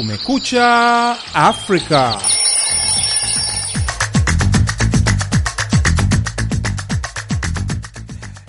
Kumekucha Afrika.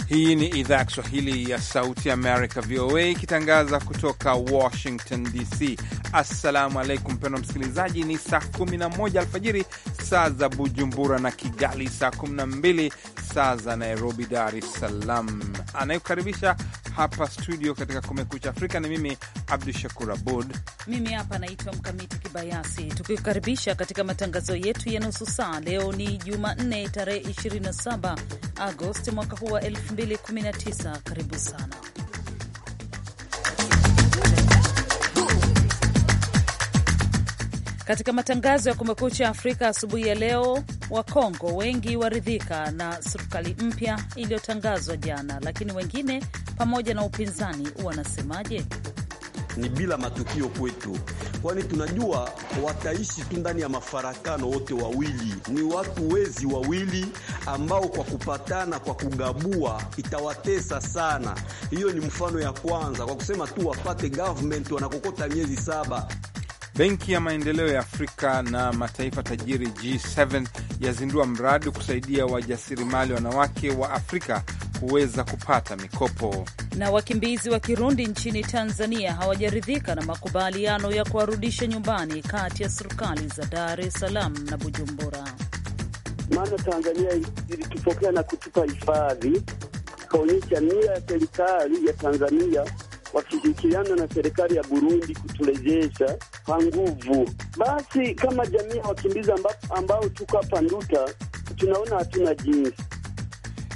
Hii ni idhaa ya Kiswahili ya Sauti Amerika, VOA, ikitangaza kutoka Washington DC. Assalamu alaikum mpendwa msikilizaji, ni saa 11 alfajiri saa za Bujumbura na Kigali, saa 12 saa za Nairobi, Dar es Salaam. Anayekukaribisha hapa studio katika Kumekucha Afrika. Ni mimi Abdu Shakur Abud, mimi hapa naitwa Mkamiti Kibayasi, tukikaribisha katika matangazo yetu ya nusu saa. Leo ni Jumanne tarehe 27 Agosti mwaka huu wa 2019. Karibu sana Katika matangazo ya Kumekucha Afrika asubuhi ya leo, Wakongo wengi waridhika na serikali mpya iliyotangazwa jana, lakini wengine pamoja na upinzani wanasemaje? Ni bila matukio kwetu, kwani tunajua wataishi tu ndani ya mafarakano. Wote wawili ni watu wezi wawili ambao kwa kupatana, kwa kugabua itawatesa sana. Hiyo ni mfano ya kwanza, kwa kusema tu wapate government wanakokota miezi saba. Benki ya Maendeleo ya Afrika na mataifa tajiri G7 yazindua mradi kusaidia wajasiriamali wanawake wa Afrika kuweza kupata mikopo. Na wakimbizi wa Kirundi nchini Tanzania hawajaridhika na makubaliano ya kuwarudisha nyumbani kati ya serikali za Dar es Salaam na Bujumbura. Maana Tanzania ilitupokea na kutupa hifadhi, kaonyesha nia ya serikali ya Tanzania wakishirikiana na serikali ya Burundi kuturejesha kwa nguvu. Basi kama jamii ya wakimbizi ambao tuko hapa Nduta, tunaona hatuna jinsi.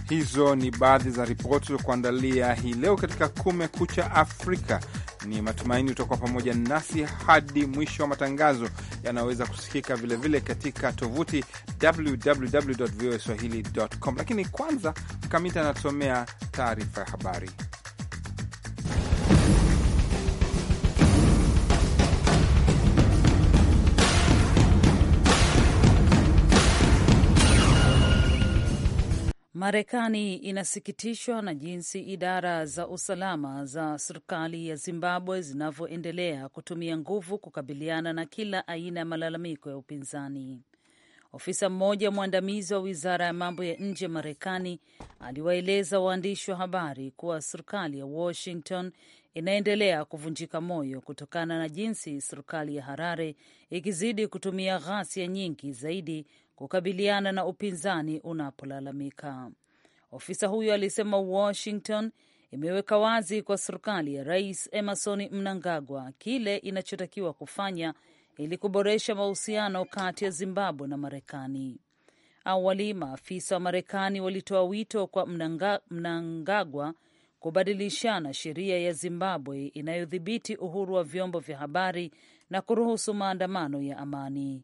Hizo ni baadhi za ripoti za kuandalia hii leo katika Kumekucha Afrika. Ni matumaini utakuwa pamoja nasi hadi mwisho wa matangazo Yanaweza kusikika vilevile vile katika tovuti www voa swahili com. Lakini kwanza Kamita anatusomea taarifa ya habari. Marekani inasikitishwa na jinsi idara za usalama za serikali ya Zimbabwe zinavyoendelea kutumia nguvu kukabiliana na kila aina ya malalamiko ya upinzani. Ofisa mmoja mwandamizi wa wizara ya mambo ya nje ya Marekani aliwaeleza waandishi wa habari kuwa serikali ya Washington inaendelea kuvunjika moyo kutokana na jinsi serikali ya Harare ikizidi kutumia ghasia nyingi zaidi kukabiliana na upinzani unapolalamika. Ofisa huyo alisema Washington imeweka wazi kwa serikali ya Rais Emerson Mnangagwa kile inachotakiwa kufanya ili kuboresha mahusiano kati ya Zimbabwe na Marekani. Awali maafisa wa Marekani walitoa wito kwa Mnanga, Mnangagwa kubadilishana sheria ya Zimbabwe inayodhibiti uhuru wa vyombo vya habari na kuruhusu maandamano ya amani.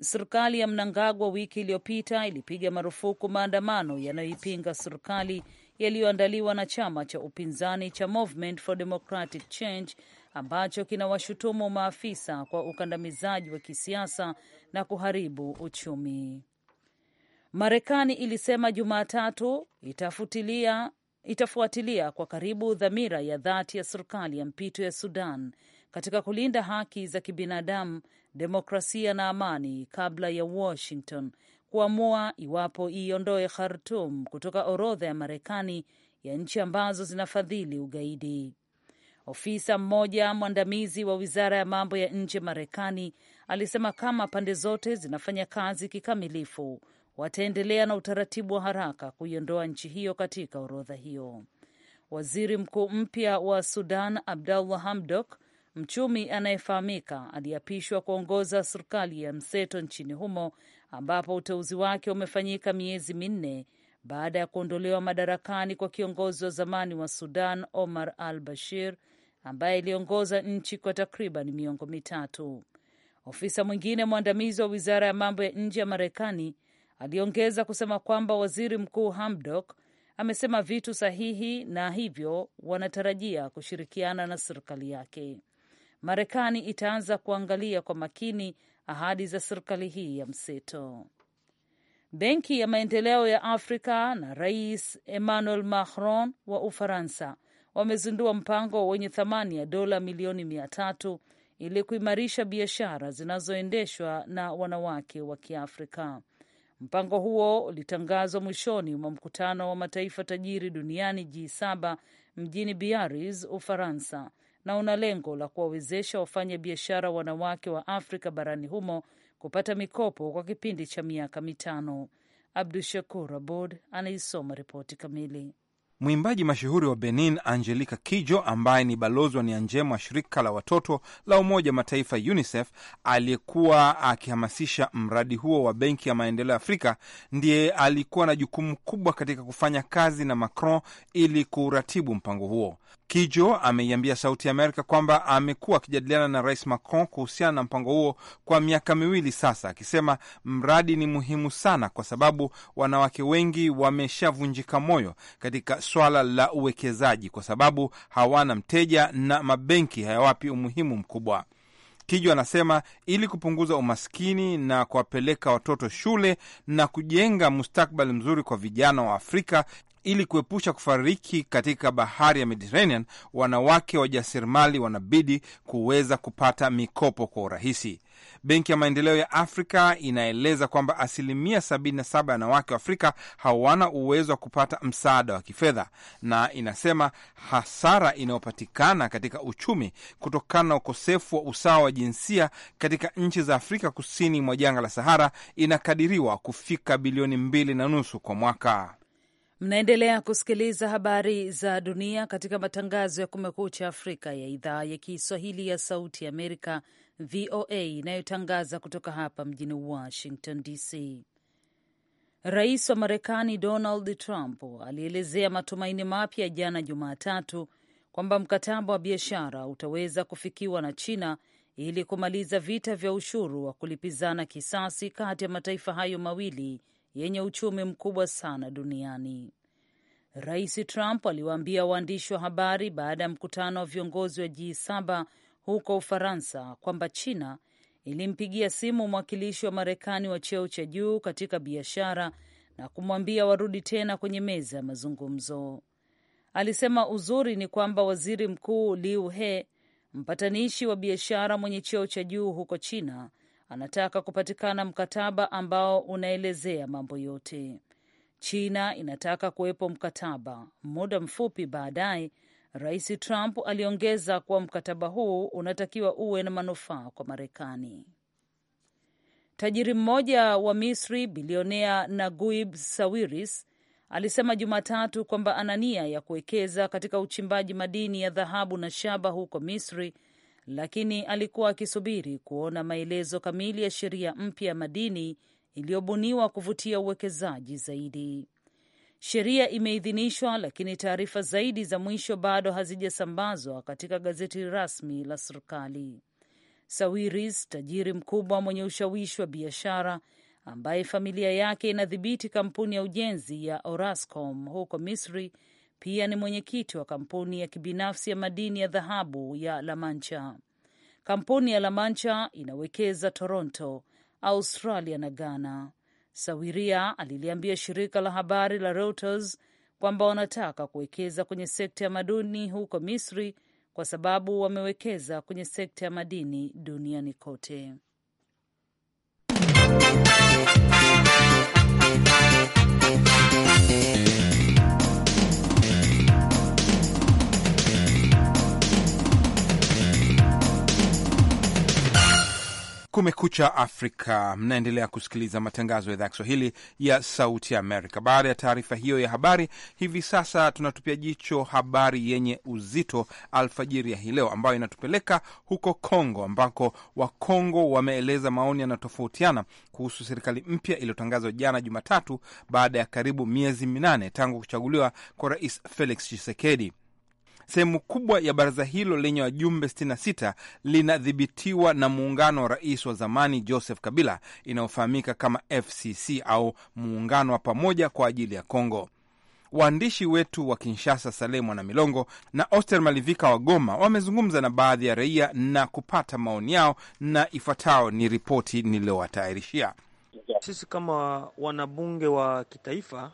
Serikali ya Mnangagwa wiki iliyopita ilipiga marufuku maandamano yanayoipinga serikali yaliyoandaliwa na chama cha upinzani cha Movement for Democratic Change ambacho kinawashutumu maafisa kwa ukandamizaji wa kisiasa na kuharibu uchumi. Marekani ilisema Jumatatu itafuatilia kwa karibu dhamira ya dhati ya serikali ya mpito ya Sudan katika kulinda haki za kibinadamu, demokrasia na amani kabla ya Washington kuamua iwapo iiondoe Khartum kutoka orodha ya Marekani ya nchi ambazo zinafadhili ugaidi. Ofisa mmoja mwandamizi wa wizara ya mambo ya nje Marekani alisema kama pande zote zinafanya kazi kikamilifu, wataendelea na utaratibu wa haraka kuiondoa nchi hiyo katika orodha hiyo. Waziri mkuu mpya wa Sudan Abdallah Hamdok mchumi anayefahamika aliapishwa kuongoza serikali ya mseto nchini humo, ambapo uteuzi wake umefanyika miezi minne baada ya kuondolewa madarakani kwa kiongozi wa zamani wa Sudan Omar al Bashir ambaye aliongoza nchi kwa takriban miongo mitatu. Ofisa mwingine mwandamizi wa wizara ya mambo ya nje ya Marekani aliongeza kusema kwamba waziri mkuu Hamdok amesema vitu sahihi na hivyo wanatarajia kushirikiana na serikali yake. Marekani itaanza kuangalia kwa makini ahadi za serikali hii ya mseto. Benki ya Maendeleo ya Afrika na Rais Emmanuel Macron wa Ufaransa wamezindua mpango wenye thamani ya dola milioni mia tatu ili kuimarisha biashara zinazoendeshwa na wanawake wa Kiafrika. Mpango huo ulitangazwa mwishoni mwa mkutano wa mataifa tajiri duniani G7 mjini Biarritz, Ufaransa, na una lengo la kuwawezesha wafanya biashara wanawake wa Afrika barani humo kupata mikopo kwa kipindi cha miaka mitano. Abdu Shakur Abod anaisoma ripoti kamili. Mwimbaji mashuhuri wa Benin Angelica Kijo, ambaye ni balozi wa nia njema wa shirika la watoto la Umoja Mataifa UNICEF, aliyekuwa akihamasisha mradi huo wa Benki ya Maendeleo ya Afrika, ndiye alikuwa na jukumu kubwa katika kufanya kazi na Macron ili kuratibu mpango huo. Kijo ameiambia Sauti ya Amerika kwamba amekuwa akijadiliana na Rais Macron kuhusiana na mpango huo kwa miaka miwili sasa, akisema mradi ni muhimu sana kwa sababu wanawake wengi wameshavunjika moyo katika swala la uwekezaji, kwa sababu hawana mteja na mabenki hayawapi umuhimu mkubwa. Kijwa anasema ili kupunguza umaskini na kuwapeleka watoto shule na kujenga mustakbali mzuri kwa vijana wa Afrika, ili kuepusha kufariki katika bahari ya Mediterranean, wanawake wajasiriamali wanabidi kuweza kupata mikopo kwa urahisi. Benki ya Maendeleo ya Afrika inaeleza kwamba asilimia 77 ya wanawake wa Afrika hawana uwezo wa kupata msaada wa kifedha, na inasema hasara inayopatikana katika uchumi kutokana na ukosefu wa usawa wa jinsia katika nchi za Afrika kusini mwa jangwa la Sahara inakadiriwa kufika bilioni mbili na nusu kwa mwaka. Mnaendelea kusikiliza habari za dunia katika matangazo ya Kumekucha Afrika ya idhaa ya Kiswahili ya Sauti ya Amerika, VOA, inayotangaza kutoka hapa mjini Washington DC. Rais wa Marekani Donald Trump alielezea matumaini mapya jana Jumatatu kwamba mkataba wa biashara utaweza kufikiwa na China ili kumaliza vita vya ushuru wa kulipizana kisasi kati ya mataifa hayo mawili yenye uchumi mkubwa sana duniani. Rais Trump aliwaambia waandishi wa habari baada ya mkutano wa viongozi wa G7 huko Ufaransa kwamba China ilimpigia simu mwakilishi wa Marekani wa cheo cha juu katika biashara na kumwambia warudi tena kwenye meza ya mazungumzo. Alisema uzuri ni kwamba waziri mkuu Liu He, mpatanishi wa biashara mwenye cheo cha juu huko China, anataka kupatikana mkataba ambao unaelezea mambo yote. China inataka kuwepo mkataba. Muda mfupi baadaye, Rais Trump aliongeza kuwa mkataba huu unatakiwa uwe na manufaa kwa Marekani. Tajiri mmoja wa Misri, bilionea Naguib Sawiris, alisema Jumatatu kwamba ana nia ya kuwekeza katika uchimbaji madini ya dhahabu na shaba huko Misri lakini alikuwa akisubiri kuona maelezo kamili ya sheria mpya ya madini iliyobuniwa kuvutia uwekezaji zaidi. Sheria imeidhinishwa, lakini taarifa zaidi za mwisho bado hazijasambazwa katika gazeti rasmi la serikali. Sawiris, tajiri mkubwa mwenye ushawishi wa biashara ambaye familia yake inadhibiti kampuni ya ujenzi ya Orascom huko Misri, pia ni mwenyekiti wa kampuni ya kibinafsi ya madini ya dhahabu ya La Mancha. Kampuni ya La Mancha inawekeza Toronto, Australia na Ghana. Sawiria aliliambia shirika la habari la Reuters kwamba wanataka kuwekeza kwenye sekta ya madini huko Misri kwa sababu wamewekeza kwenye sekta ya madini duniani kote. Kumekucha Afrika, mnaendelea kusikiliza matangazo ya idhaa ya Kiswahili ya Sauti ya Amerika. Baada ya taarifa hiyo ya habari, hivi sasa tunatupia jicho habari yenye uzito alfajiri ya hii leo, ambayo inatupeleka huko Kongo, ambako Wakongo wameeleza maoni yanayotofautiana kuhusu serikali mpya iliyotangazwa jana Jumatatu, baada ya karibu miezi minane tangu kuchaguliwa kwa Rais Felix Tshisekedi. Sehemu kubwa ya baraza hilo lenye wajumbe 66 linadhibitiwa na muungano wa rais wa zamani Joseph Kabila inayofahamika kama FCC au muungano wa pamoja kwa ajili ya Kongo. Waandishi wetu wa Kinshasa, Saleh Mwanamilongo na Oster Malivika wa Goma wamezungumza na baadhi ya raia na kupata maoni yao, na ifuatayo ni ripoti niliyowatayarishia. Sisi kama wanabunge wa kitaifa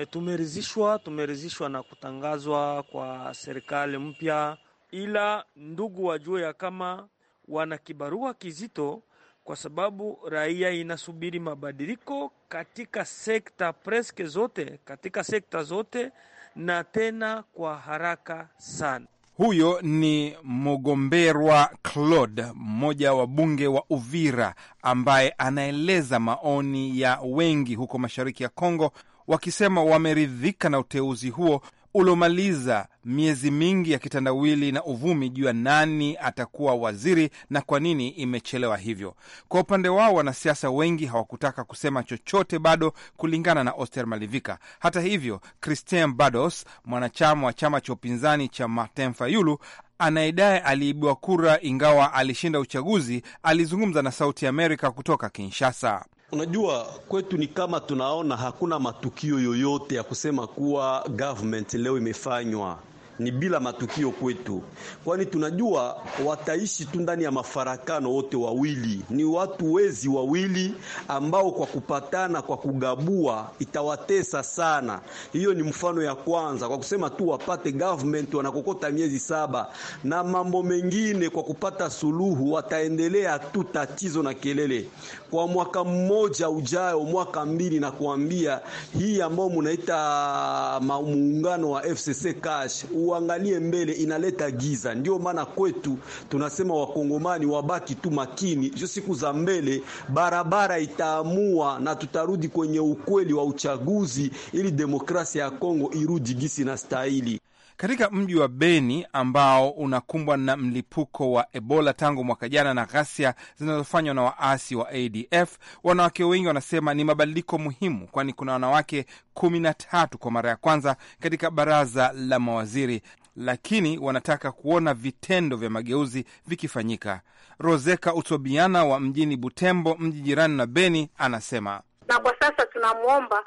E, tumeridhishwa tumeridhishwa na kutangazwa kwa serikali mpya, ila ndugu wajue ya kama wana kibarua kizito, kwa sababu raia inasubiri mabadiliko katika sekta preske zote, katika sekta zote na tena kwa haraka sana. Huyo ni Mogomberwa Claude, mmoja wa bunge wa Uvira, ambaye anaeleza maoni ya wengi huko mashariki ya Kongo wakisema wameridhika na uteuzi huo uliomaliza miezi mingi ya kitandawili na uvumi juu ya nani atakuwa waziri na kwa nini imechelewa hivyo. Kwa upande wao, wanasiasa wengi hawakutaka kusema chochote bado, kulingana na Oster Malivika. Hata hivyo, Christian Bados, mwanachama wa chama cha upinzani cha Martin Fayulu anayedaye aliibiwa kura ingawa alishinda uchaguzi, alizungumza na Sauti Amerika kutoka Kinshasa. Unajua, kwetu ni kama tunaona hakuna matukio yoyote ya kusema kuwa government leo imefanywa ni bila matukio kwetu, kwani tunajua wataishi tu ndani ya mafarakano. Wote wawili ni watu wezi wawili ambao kwa kupatana, kwa kugabua itawatesa sana. Hiyo ni mfano ya kwanza, kwa kusema tu wapate government wanakokota miezi saba na mambo mengine. Kwa kupata suluhu, wataendelea tu tatizo na kelele kwa mwaka mmoja ujao mwaka mbili, na kuambia hii ambao munaita muungano wa FCC cash uangalie mbele, inaleta giza. Ndio maana kwetu tunasema wakongomani wabaki tu makini, sio siku za mbele barabara itaamua, na tutarudi kwenye ukweli wa uchaguzi, ili demokrasia ya Kongo irudi gisi na stahili katika mji wa Beni ambao unakumbwa na mlipuko wa Ebola tangu mwaka jana na ghasia zinazofanywa na waasi wa ADF. Wanawake wengi wanasema ni mabadiliko muhimu, kwani kuna wanawake kumi na tatu kwa mara ya kwanza katika baraza la mawaziri, lakini wanataka kuona vitendo vya mageuzi vikifanyika. roseka Utobiana wa mjini Butembo, mji jirani na Beni, anasema na kwa sasa tunamwomba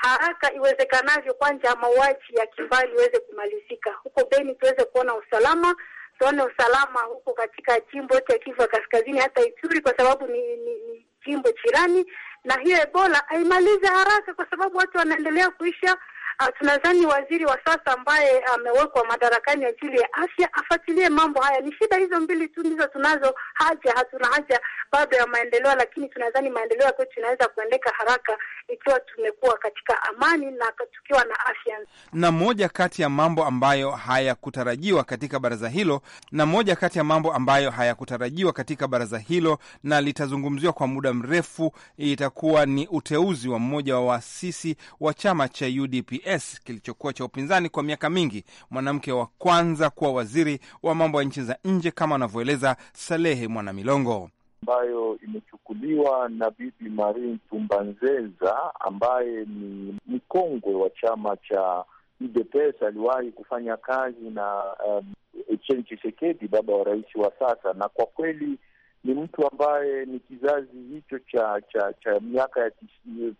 haraka iwezekanavyo, kwanza mauaji ya kimbali iweze kumalizika huko Beni, tuweze kuona usalama tuone usalama huko katika jimbo yote ya Kivu ya Kaskazini, hata Ituri, kwa sababu ni, ni, ni jimbo jirani na hiyo. Ebola aimalize haraka, kwa sababu watu wanaendelea kuisha Ah, tunadhani waziri wa sasa ambaye amewekwa madarakani ajili ya afya afuatilie mambo haya. Ni shida hizo mbili tu ndizo tunazo haja, hatuna haja bado ya maendeleo, lakini tunadhani maendeleo ya kwetu inaweza kuendeka haraka ikiwa tumekuwa katika amani na tukiwa na afya. Na moja kati ya mambo ambayo hayakutarajiwa katika baraza hilo, na moja kati ya mambo ambayo hayakutarajiwa katika baraza hilo na litazungumziwa kwa muda mrefu, itakuwa ni uteuzi wa mmoja wa waasisi wa chama cha UDP PDS kilichokuwa cha upinzani kwa miaka mingi, mwanamke wa kwanza kuwa waziri wa mambo ya nchi za nje, kama anavyoeleza Salehe Mwanamilongo ambayo imechukuliwa na Bibi Marin Tumbanzeza ambaye ni mkongwe wa chama cha UDPS. Aliwahi kufanya kazi na um, Etienne Tshisekedi, baba wa rais wa sasa, na kwa kweli ni mtu ambaye ni kizazi hicho cha cha cha miaka ya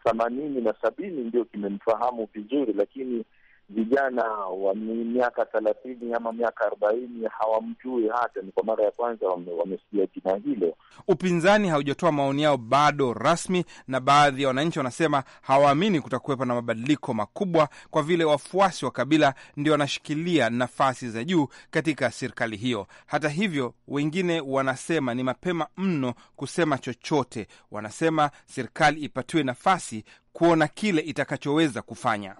themanini na sabini ndio kimemfahamu vizuri, lakini vijana wa miaka thelathini ama miaka arobaini hawamjui hata. Ni kwa mara ya kwanza wamesikia jina hilo. Upinzani haujatoa maoni yao bado rasmi, na baadhi ya wananchi wanasema hawaamini kutakuwepo na mabadiliko makubwa kwa vile wafuasi wa Kabila ndio wanashikilia nafasi za juu katika serikali hiyo. Hata hivyo, wengine wanasema ni mapema mno kusema chochote. Wanasema serikali ipatiwe nafasi kuona kile itakachoweza kufanya.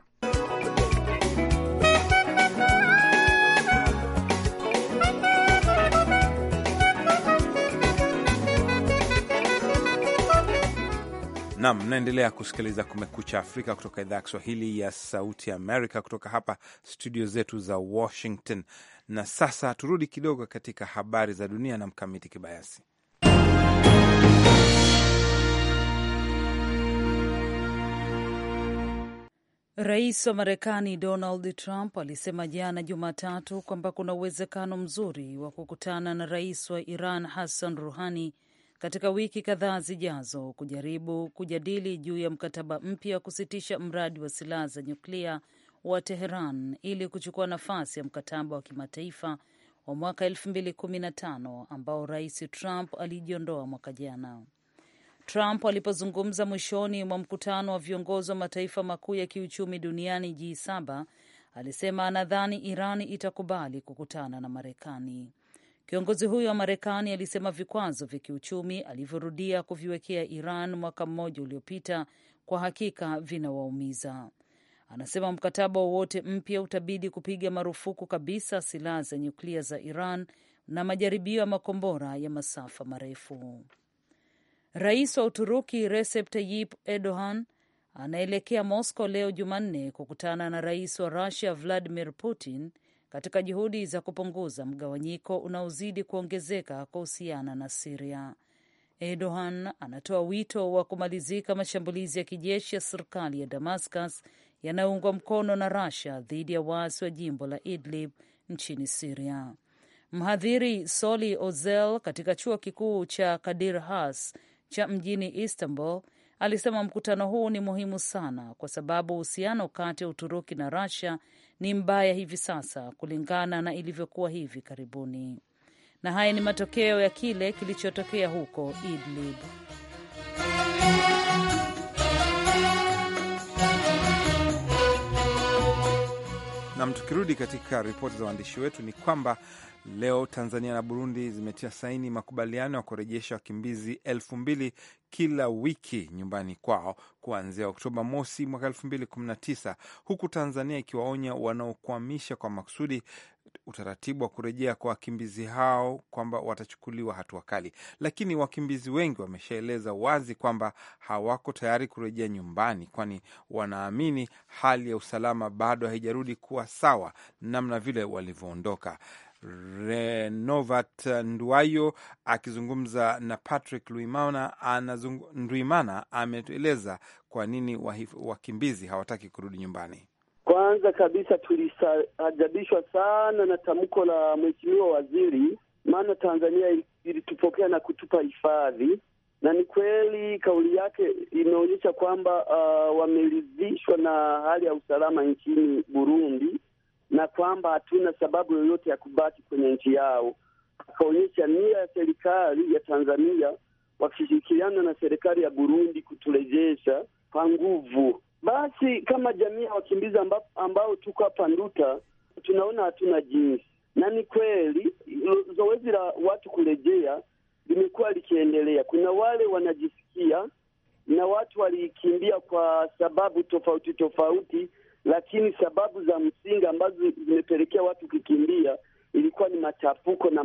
Nam, mnaendelea kusikiliza Kumekucha Afrika kutoka idhaa ya Kiswahili ya Sauti Amerika, kutoka hapa studio zetu za Washington. Na sasa turudi kidogo katika habari za dunia na Mkamiti Kibayasi. Rais wa Marekani Donald Trump alisema jana Jumatatu kwamba kuna uwezekano mzuri wa kukutana na rais wa Iran Hassan Ruhani katika wiki kadhaa zijazo kujaribu kujadili juu ya mkataba mpya wa kusitisha mradi wa silaha za nyuklia wa Teheran ili kuchukua nafasi ya mkataba wa kimataifa wa mwaka 2015 ambao Rais Trump alijiondoa mwaka jana. Trump alipozungumza mwishoni mwa mkutano wa viongozi wa mataifa makuu ya kiuchumi duniani G7, alisema anadhani Iran itakubali kukutana na Marekani. Kiongozi huyo wa Marekani alisema vikwazo vya kiuchumi alivyorudia kuviwekea Iran mwaka mmoja uliopita kwa hakika vinawaumiza. Anasema mkataba wowote mpya utabidi kupiga marufuku kabisa silaha za nyuklia za Iran na majaribio ya makombora ya masafa marefu. Rais wa Uturuki Recep Tayyip Erdogan anaelekea Moscow leo Jumanne kukutana na rais wa rusia Vladimir Putin katika juhudi za kupunguza mgawanyiko unaozidi kuongezeka kuhusiana na Siria. Erdogan anatoa wito wa kumalizika mashambulizi ya kijeshi ya serikali ya Damascus yanayoungwa mkono na Russia dhidi ya waasi wa jimbo la Idlib nchini Siria. Mhadhiri Soli Ozel katika chuo kikuu cha Kadir Has cha mjini Istanbul alisema mkutano huu ni muhimu sana kwa sababu uhusiano kati ya Uturuki na rasia ni mbaya hivi sasa kulingana na ilivyokuwa hivi karibuni, na haya ni matokeo ya kile kilichotokea huko Idlib. Nam, tukirudi katika ripoti za waandishi wetu ni kwamba leo Tanzania na Burundi zimetia saini makubaliano ya kurejesha wakimbizi elfu mbili kila wiki nyumbani kwao kuanzia Oktoba mosi mwaka elfu mbili kumi na tisa huku Tanzania ikiwaonya wanaokwamisha kwa makusudi utaratibu wa kurejea kwa wakimbizi hao kwamba watachukuliwa hatua kali, lakini wakimbizi wengi wameshaeleza wazi kwamba hawako tayari kurejea nyumbani, kwani wanaamini hali ya usalama bado haijarudi kuwa sawa namna vile walivyoondoka. Renovat nduayo akizungumza na Patrick Nduimana ameeleza kwa nini wakimbizi hawataki kurudi nyumbani. Kwanza kabisa tulisajabishwa sana na tamko la mheshimiwa waziri, maana Tanzania ilitupokea na kutupa hifadhi, na ni kweli kauli yake imeonyesha kwamba uh, wameridhishwa na hali ya usalama nchini Burundi na kwamba hatuna sababu yoyote ya kubaki kwenye nchi yao. Akaonyesha nia ya serikali ya Tanzania wakishirikiana na serikali ya Burundi kuturejesha kwa nguvu basi kama jamii ya wakimbizi ambao, ambao tuko hapa Nduta tunaona hatuna jinsi, na ni kweli zoezi la watu kurejea limekuwa likiendelea. Kuna wale wanajisikia na watu walikimbia kwa sababu tofauti tofauti, lakini sababu za msingi ambazo zimepelekea watu kukimbia ilikuwa ni machafuko na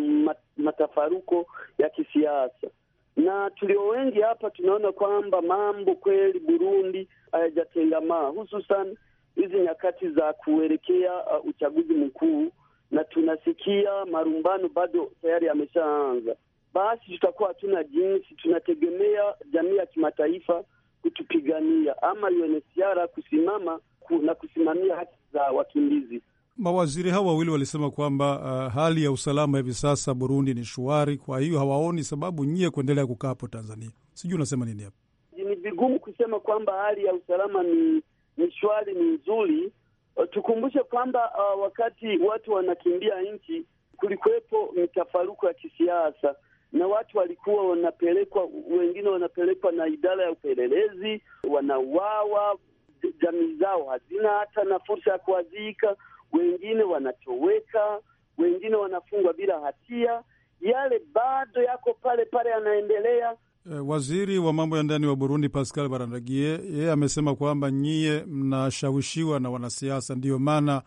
matafaruko ya kisiasa na tulio wengi hapa tunaona kwamba mambo kweli Burundi hayajatengamaa, hususan hizi nyakati za kuelekea uh, uchaguzi mkuu, na tunasikia marumbano bado tayari yameshaanza. Basi tutakuwa hatuna jinsi, tunategemea jamii ya kimataifa kutupigania ama UNHCR kusimama na kusimamia haki za wakimbizi. Mawaziri hao wawili walisema kwamba uh, hali ya usalama hivi sasa Burundi ni shwari, kwa hiyo hawaoni sababu nyie kuendelea kukaa hapo Tanzania. Sijui unasema nini hapa. Ni vigumu kusema kwamba hali ya usalama ni, ni shwari, ni nzuri. Uh, tukumbushe kwamba uh, wakati watu wanakimbia nchi kulikuwepo mitafaruku ya kisiasa na watu walikuwa wanapelekwa, wengine wanapelekwa na idara ya upelelezi, wanauawa, jamii zao hazina hata na fursa ya kuwazika wengine wanatoweka, wengine wanafungwa bila hatia, yale bado yako pale pale, yanaendelea. Eh, waziri wa mambo ya ndani wa Burundi Pascal Barandagie yeye amesema kwamba nyie mnashawishiwa na wanasiasa, ndiyo maana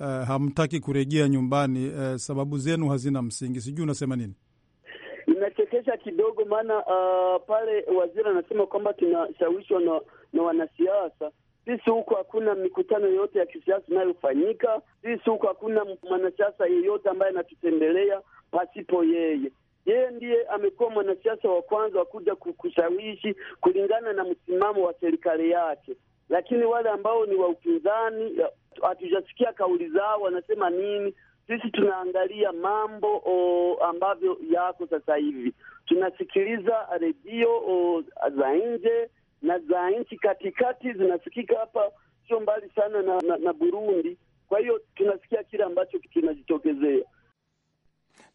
uh, hamtaki kurejea nyumbani. Uh, sababu zenu hazina msingi. Sijui unasema nini? Inachekesha kidogo, maana uh, pale waziri anasema kwamba tunashawishwa na, na wanasiasa sisi huku hakuna mikutano yoyote ya kisiasa inayofanyika. Sisi huku hakuna mwanasiasa yeyote ambaye anatutembelea pasipo yeye. Yeye ndiye amekuwa mwanasiasa wa kwanza wa kuja kushawishi kulingana na msimamo wa serikali yake, lakini wale ambao ni wa upinzani hatujasikia kauli zao, wanasema nini. Sisi tunaangalia mambo o, ambavyo yako sasa hivi, tunasikiliza redio za nje na za nchi katikati zinasikika hapa, sio mbali sana na, na, na Burundi. Kwa hiyo tunasikia kile ambacho kinajitokezea.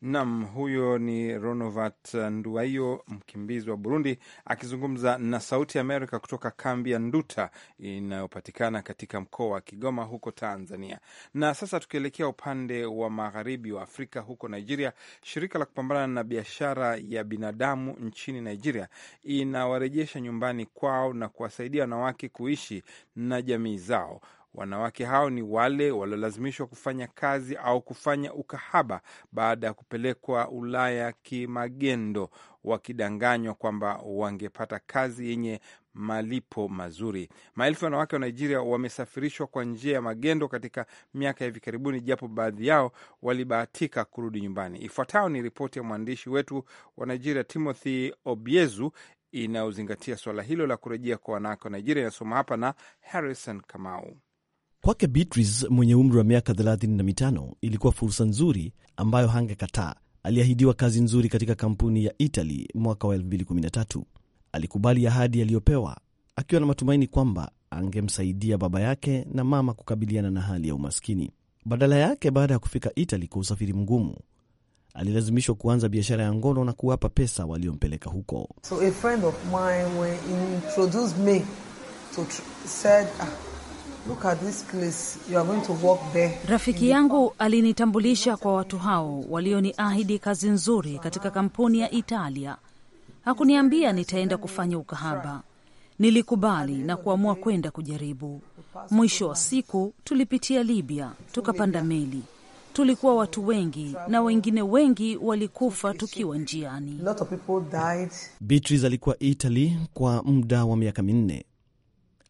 Nam, huyo ni Ronovat nduaio mkimbizi wa Burundi, akizungumza na Sauti Amerika kutoka kambi ya Nduta inayopatikana katika mkoa wa Kigoma huko Tanzania. Na sasa tukielekea upande wa magharibi wa Afrika huko Nigeria, shirika la kupambana na biashara ya binadamu nchini Nigeria inawarejesha nyumbani kwao na kuwasaidia wanawake kuishi na jamii zao. Wanawake hao ni wale waliolazimishwa kufanya kazi au kufanya ukahaba baada ya kupelekwa Ulaya kimagendo, wakidanganywa kwamba wangepata kazi yenye malipo mazuri. Maelfu ya wanawake wa Nigeria wamesafirishwa kwa njia ya magendo katika miaka ya hivi karibuni, japo baadhi yao walibahatika kurudi nyumbani. Ifuatayo ni ripoti ya mwandishi wetu wa Nigeria, Timothy Obiezu, inayozingatia suala hilo la kurejea kwa wanawake wa Nigeria. Inasoma hapa na Harrison Kamau. Kwake Beatrice mwenye umri wa miaka 35 ilikuwa fursa nzuri ambayo hangekataa. Aliahidiwa kazi nzuri katika kampuni ya Italy mwaka wa 2013. Alikubali ahadi aliyopewa akiwa na matumaini kwamba angemsaidia baba yake na mama kukabiliana na hali ya umaskini. Badala yake, baada ya kufika Italy kwa usafiri mgumu, alilazimishwa kuanza biashara ya ngono na kuwapa pesa waliompeleka huko. So a friend of mine, Look at this place. You are going to walk there. Rafiki yangu alinitambulisha kwa watu hao walioniahidi kazi nzuri katika kampuni ya Italia. Hakuniambia nitaenda kufanya ukahaba. Nilikubali na kuamua kwenda kujaribu. Mwisho wa siku tulipitia Libya, tukapanda meli. Tulikuwa watu wengi na wengine wengi walikufa tukiwa njiani. Beatrice alikuwa Italy kwa muda wa miaka minne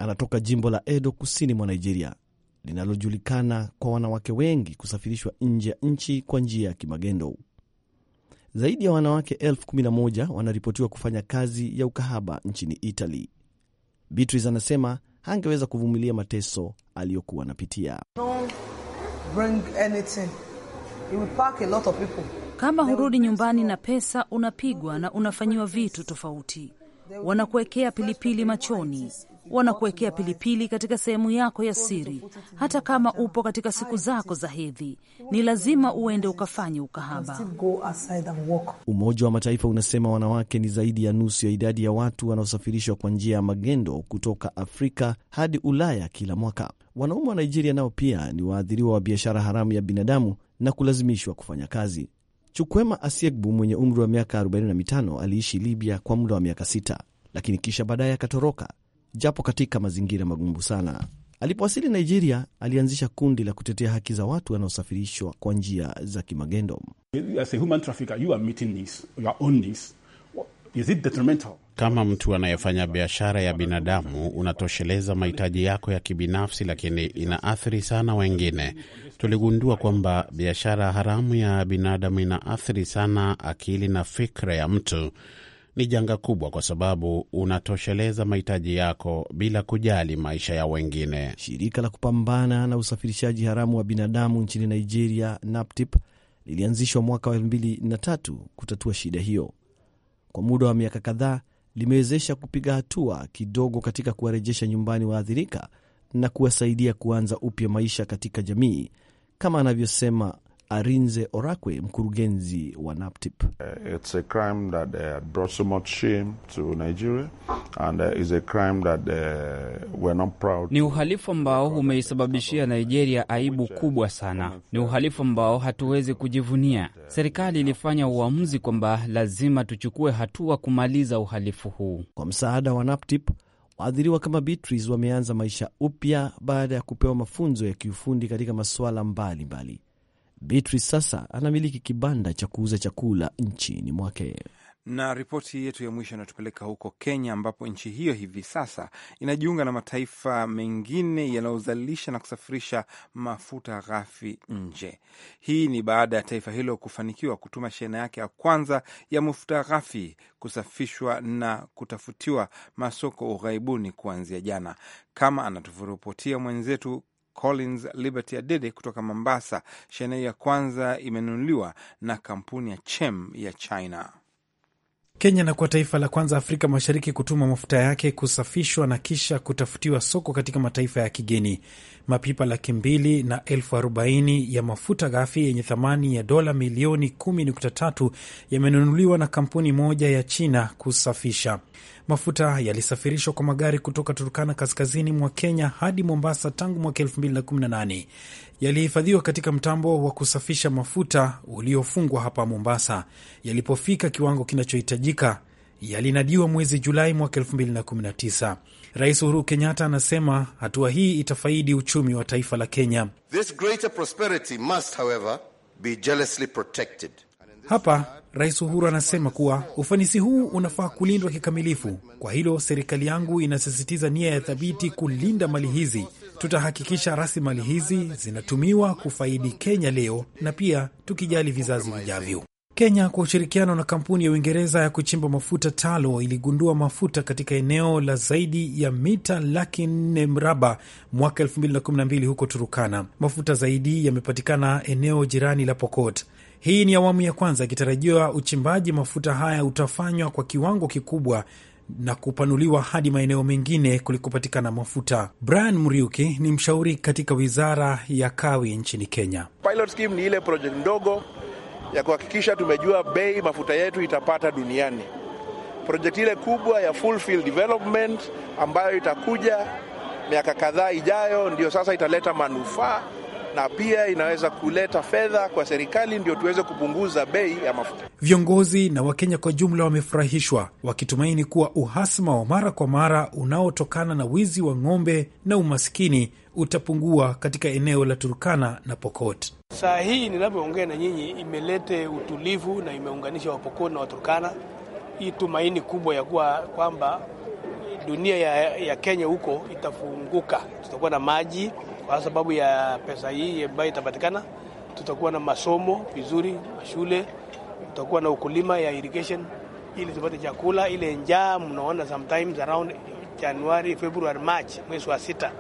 anatoka jimbo la Edo kusini mwa Nigeria linalojulikana kwa wanawake wengi kusafirishwa nje ya nchi kwa njia ya kimagendo. Zaidi ya wanawake elfu kumi na moja wanaripotiwa kufanya kazi ya ukahaba nchini Italy. Beatrice anasema hangeweza kuvumilia mateso aliyokuwa anapitia. Kama hurudi nyumbani na pesa, unapigwa na unafanyiwa vitu tofauti. Wanakuwekea pilipili machoni, wanakuwekea pilipili katika sehemu yako ya siri. Hata kama upo katika siku zako za hedhi, ni lazima uende ukafanye ukahaba. Umoja wa Mataifa unasema wanawake ni zaidi ya nusu ya idadi ya watu wanaosafirishwa kwa njia ya magendo kutoka Afrika hadi Ulaya kila mwaka. Wanaume wa Nigeria nao pia ni waathiriwa wa biashara haramu ya binadamu na kulazimishwa kufanya kazi. Chukwema Asiegbu mwenye umri wa miaka 45 aliishi Libya kwa muda wa miaka 6 lakini kisha baadaye akatoroka japo katika mazingira magumu sana. Alipowasili Nigeria, alianzisha kundi la kutetea haki za watu wanaosafirishwa kwa njia za kimagendo. Kama mtu anayefanya biashara ya binadamu, unatosheleza mahitaji yako ya kibinafsi, lakini inaathiri sana wengine. Tuligundua kwamba biashara haramu ya binadamu inaathiri sana akili na fikra ya mtu ni janga kubwa, kwa sababu unatosheleza mahitaji yako bila kujali maisha ya wengine. Shirika la kupambana na usafirishaji haramu wa binadamu nchini Nigeria, NAPTIP, lilianzishwa mwaka wa tatu kutatua shida hiyo. Kwa muda wa miaka kadhaa limewezesha kupiga hatua kidogo katika kuwarejesha nyumbani waathirika na kuwasaidia kuanza upya maisha katika jamii, kama anavyosema Arinze Orakwe, mkurugenzi wa NAPTIP. Uh, uh, Ni uhalifu ambao umeisababishia Nigeria aibu kubwa sana. Ni uhalifu ambao hatuwezi kujivunia. Serikali ilifanya uamuzi kwamba lazima tuchukue hatua kumaliza uhalifu huu. Kwa msaada wa NAPTIP, Waadhiriwa kama Beatrice wameanza maisha upya baada ya kupewa mafunzo ya kiufundi katika masuala mbalimbali. Beatrice sasa anamiliki kibanda cha kuuza chakula nchini mwake. Na ripoti yetu ya mwisho inatupeleka huko Kenya, ambapo nchi hiyo hivi sasa inajiunga na mataifa mengine yanayozalisha na kusafirisha mafuta ghafi nje. Hii ni baada ya taifa hilo kufanikiwa kutuma shehena yake ya kwanza ya mafuta ghafi kusafishwa na kutafutiwa masoko ughaibuni kuanzia jana, kama anatuvyoripotia mwenzetu Collins Liberty Adede kutoka Mombasa. Shehena ya kwanza imenunuliwa na kampuni ya Chem ya China. Kenya inakuwa taifa la kwanza Afrika Mashariki kutuma mafuta yake kusafishwa na kisha kutafutiwa soko katika mataifa ya kigeni. Mapipa laki mbili na elfu arobaini ya mafuta ghafi yenye thamani ya dola milioni 10.3 yamenunuliwa na kampuni moja ya China kusafisha. Mafuta yalisafirishwa kwa magari kutoka Turkana, kaskazini mwa Kenya, hadi Mombasa tangu mwaka 2018. Yalihifadhiwa katika mtambo wa kusafisha mafuta uliofungwa hapa Mombasa. Yalipofika kiwango kinachohitajika, yalinadiwa mwezi Julai mwaka 2019. Rais Uhuru Kenyatta anasema hatua hii itafaidi uchumi wa taifa la Kenya. This hapa Rais Uhuru anasema kuwa ufanisi huu unafaa kulindwa kikamilifu. Kwa hilo, serikali yangu inasisitiza nia ya thabiti kulinda mali hizi. Tutahakikisha rasilimali hizi zinatumiwa kufaidi Kenya leo na pia tukijali vizazi vijavyo. Kenya kwa ushirikiano na kampuni ya Uingereza ya kuchimba mafuta Talo iligundua mafuta katika eneo la zaidi ya mita laki nne mraba mwaka 2012 huko Turukana. Mafuta zaidi yamepatikana eneo jirani la Pokot. Hii ni awamu ya kwanza, ikitarajiwa uchimbaji mafuta haya utafanywa kwa kiwango kikubwa na kupanuliwa hadi maeneo mengine kulikopatikana mafuta. Brian Muriuki ni mshauri katika wizara ya kawi nchini Kenya. Pilot scheme ni ile project ndogo ya kuhakikisha tumejua bei mafuta yetu itapata duniani. Projekti ile kubwa ya full field development ambayo itakuja miaka kadhaa ijayo, ndiyo sasa italeta manufaa na pia inaweza kuleta fedha kwa serikali ndio tuweze kupunguza bei ya mafuta. Viongozi na Wakenya kwa jumla wamefurahishwa wakitumaini kuwa uhasama wa mara kwa mara unaotokana na wizi wa ng'ombe na umaskini utapungua katika eneo la Turkana na Pokot. Saa hii ninavyoongea na nyinyi, imelete utulivu na imeunganisha Wapokot na Waturkana. Hii tumaini kubwa ya kuwa kwamba dunia ya, ya Kenya huko itafunguka, tutakuwa na maji kwa sababu ya pesa hii ambayo itapatikana, tutakuwa na masomo vizuri, mashule, tutakuwa na ukulima ya irrigation ili tupate chakula. Ile njaa mnaona sometimes around January, February, March, mwezi wa sita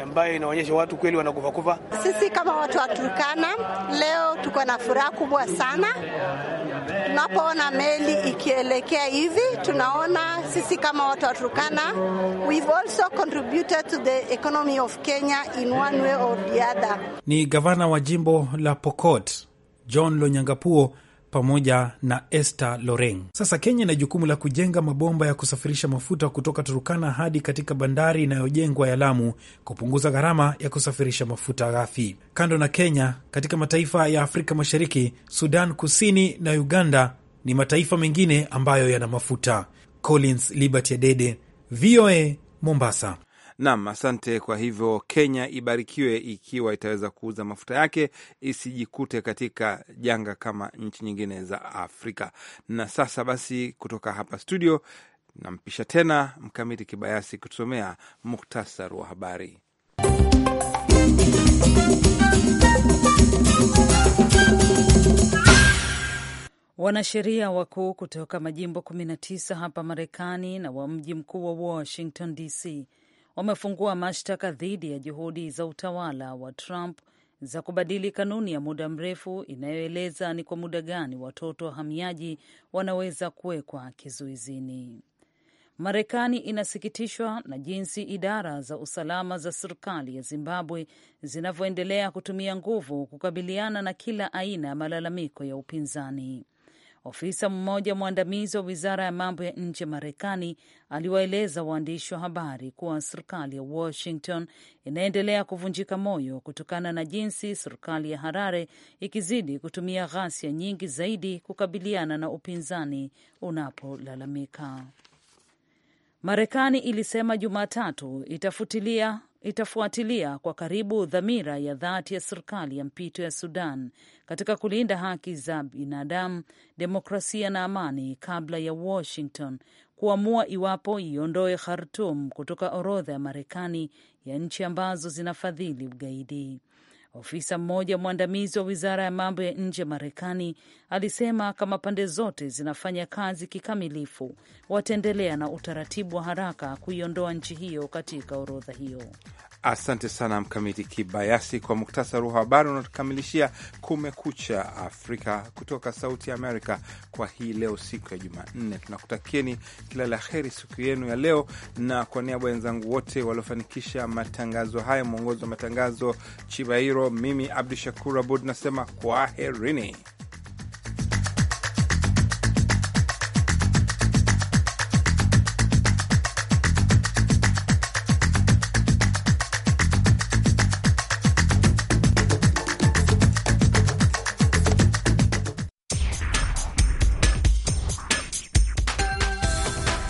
ambayo inaonyesha watu kweli wanakufakufa. Sisi kama watu wa Turkana leo tuko na furaha kubwa sana tunapoona meli ikielekea hivi, tunaona sisi kama watu wa Turkana we've also contributed to the economy of Kenya in one way or the other. Ni gavana wa jimbo la Pokot John Lonyangapuo pamoja na Esther Loreng. Sasa Kenya ina jukumu la kujenga mabomba ya kusafirisha mafuta kutoka Turukana hadi katika bandari inayojengwa ya Lamu, kupunguza gharama ya kusafirisha mafuta ghafi. Kando na Kenya, katika mataifa ya Afrika Mashariki, Sudan Kusini na Uganda ni mataifa mengine ambayo yana mafuta. Collins Liberty Adede, VOA Mombasa. Naam, asante. Kwa hivyo Kenya ibarikiwe ikiwa itaweza kuuza mafuta yake isijikute katika janga kama nchi nyingine za Afrika. Na sasa basi, kutoka hapa studio nampisha tena Mkamiti Kibayasi kutusomea muktasar wa habari. Wanasheria wakuu kutoka majimbo 19 hapa Marekani na wa mji mkuu wa Washington DC wamefungua mashtaka dhidi ya juhudi za utawala wa Trump za kubadili kanuni ya muda mrefu inayoeleza ni kwa muda gani watoto wahamiaji wanaweza kuwekwa kizuizini. Marekani inasikitishwa na jinsi idara za usalama za serikali ya Zimbabwe zinavyoendelea kutumia nguvu kukabiliana na kila aina ya malalamiko ya upinzani. Ofisa mmoja mwandamizi wa wizara ya mambo ya nje Marekani aliwaeleza waandishi wa habari kuwa serikali ya Washington inaendelea kuvunjika moyo kutokana na jinsi serikali ya Harare ikizidi kutumia ghasia nyingi zaidi kukabiliana na upinzani unapolalamika. Marekani ilisema Jumatatu itafutilia itafuatilia kwa karibu dhamira ya dhati ya serikali ya mpito ya Sudan katika kulinda haki za binadamu, demokrasia na amani kabla ya Washington kuamua iwapo iondoe Khartum kutoka orodha ya Marekani ya nchi ambazo zinafadhili ugaidi. Ofisa mmoja mwandamizi wa wizara ya mambo ya nje ya Marekani alisema kama pande zote zinafanya kazi kikamilifu, wataendelea na utaratibu wa haraka kuiondoa nchi hiyo katika orodha hiyo. Asante sana Mkamiti Kibayasi kwa muktasari wa habari unatukamilishia Kumekucha Afrika kutoka Sauti ya Amerika kwa hii leo, siku ya Jumanne. Tunakutakieni kila la heri siku yenu ya leo, na kwa niaba wenzangu wote waliofanikisha matangazo haya, mwongozi wa matangazo Chibairo, mimi Abdu Shakur Abud nasema kwaherini.